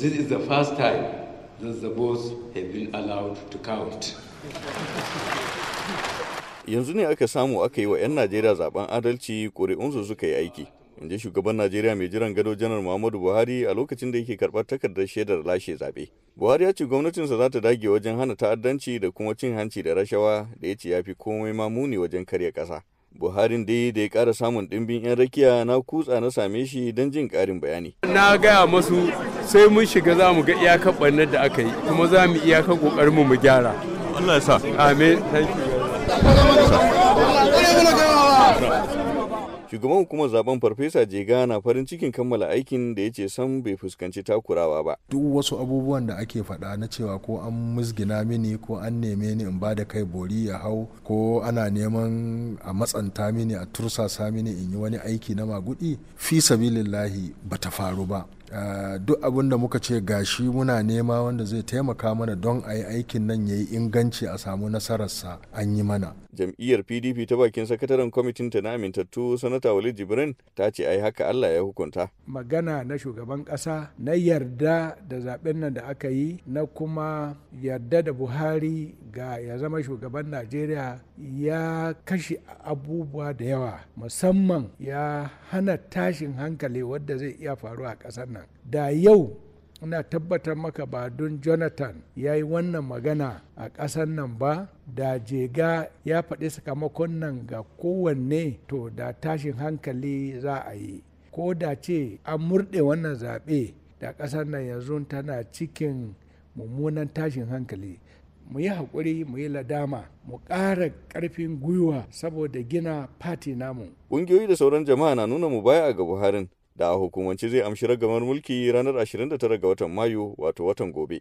This is the first time that the votes have been allowed to count. Yanzu ne aka samu aka yi wa 'yan Najeriya zaben adalci ƙuri'unsu suka yi aiki. in ji shugaban najeriya mai jiran gado janar muhammadu buhari a lokacin da yake karɓar takardar shaidar lashe zaɓe buhari ya ce gwamnatinsa za ta dage wajen hana ta'addanci da kuma cin hanci da rashawa da ya ce ya fi komai ma muni wajen karya ƙasa Buharin dai da ya ƙara samun ɗimbin 'yan rakiya na kutsa na same shi don jin karin bayani. Na gaya masu sai mun shiga za mu ga iyakar ɓarnar da aka yi kuma za mu iyakar ƙoƙarinmu mu gyara. Shugaban hukumar zaben Farfesa Jega na farin cikin kammala aikin da ya ce sam bai fuskanci takurawa ba. Duk wasu abubuwan da ake faɗa na cewa ko an musgina mini ko an neme ni in bada kai bori ya hau ko ana neman a matsanta mini a tursasa mini in yi wani aiki na magudi fi sabilillahi bata faru ba. Eh, duk abin da muka ce gashi muna nema wanda zai taimaka mana don a yi aikin nan ya yi inganci a samu nasararsa an yi mana. Jam'iyyar PDP ta bakin sakataren kwamitin ta na amintattu sanata Walid Jibrin ta ce ayi haka Allah ya hukunta. Magana na shugaban ƙasa na yarda da zaɓen nan da aka yi na kuma yarda da Buhari ga ya zama shugaban Najeriya ya kashe abubuwa da yawa musamman ya hana tashin hankali wadda zai iya faru a ƙasar nan. da yau ina tabbatar maka ba don jonathan ya yi wannan magana a ƙasar nan ba da jega ya faɗi sakamakon nan ga kowanne to da tashin hankali za a yi ko da ce an murɗe wannan zaɓe da ƙasar nan yanzu tana cikin mummunan tashin hankali mu yi haƙuri mu yi ladama mu ƙara ƙarfin gwiwa saboda gina fati namu ƙungiyoyi da sauran jama'a na nuna mu baya ga buharin da a hukumance zai amshi ragamar mulki ranar 29 ga watan Mayu wato watan gobe.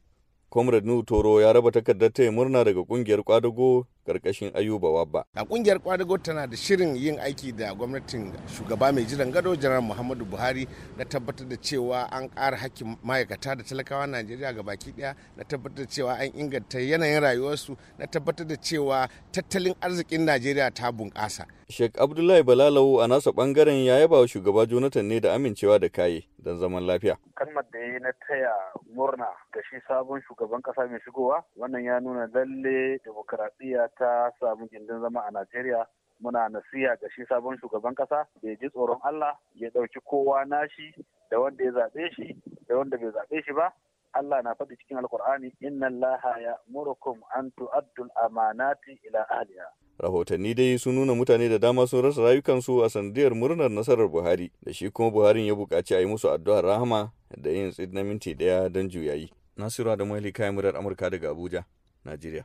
Comrade Nu Toro ya raba takardar taya murna daga kungiyar kwadago karkashin ayuba wabba a kungiyar kwadago tana da shirin yin aiki da gwamnatin shugaba mai jiran gado janar muhammadu buhari na tabbatar da cewa an ƙara hakkin ma'aikata da talakawa najeriya ga baki daya na tabbatar da cewa an inganta yanayin rayuwarsu na tabbatar da cewa tattalin arzikin najeriya ta bunƙasa Sheikh Abdullahi Balalau a nasa bangaren ya yaba wa shugaba Jonathan ne da amincewa da kaye don zaman lafiya. Kalmar da ya na taya murna ga shi sabon shugaban kasa mai shigowa wannan ya nuna lalle demokaradiyya ta samu gindin zama a Najeriya muna nasiha ga shi sabon shugaban kasa da ji tsoron Allah ya ɗauki kowa nashi da wanda ya zaɓe shi da wanda bai zaɓe shi ba Allah na faɗi cikin alkur'ani. inna Allaha ya murukum an tu'addul amanati ila ahliha rahotanni dai sun nuna mutane da dama sun rasa rayukansu a sanadiyar murnar nasarar buhari da shi kuma buhari ya buƙaci a yi musu addu'ar rahama da yin tsid na minti ɗaya don juyayi nasiru da Ali kayan murar amurka daga abuja najeriya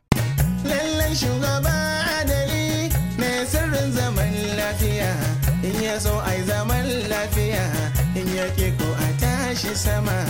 lallan shugaba adali mai sirrin zaman lafiya in ya so ai zaman lafiya in ya ko a tashi sama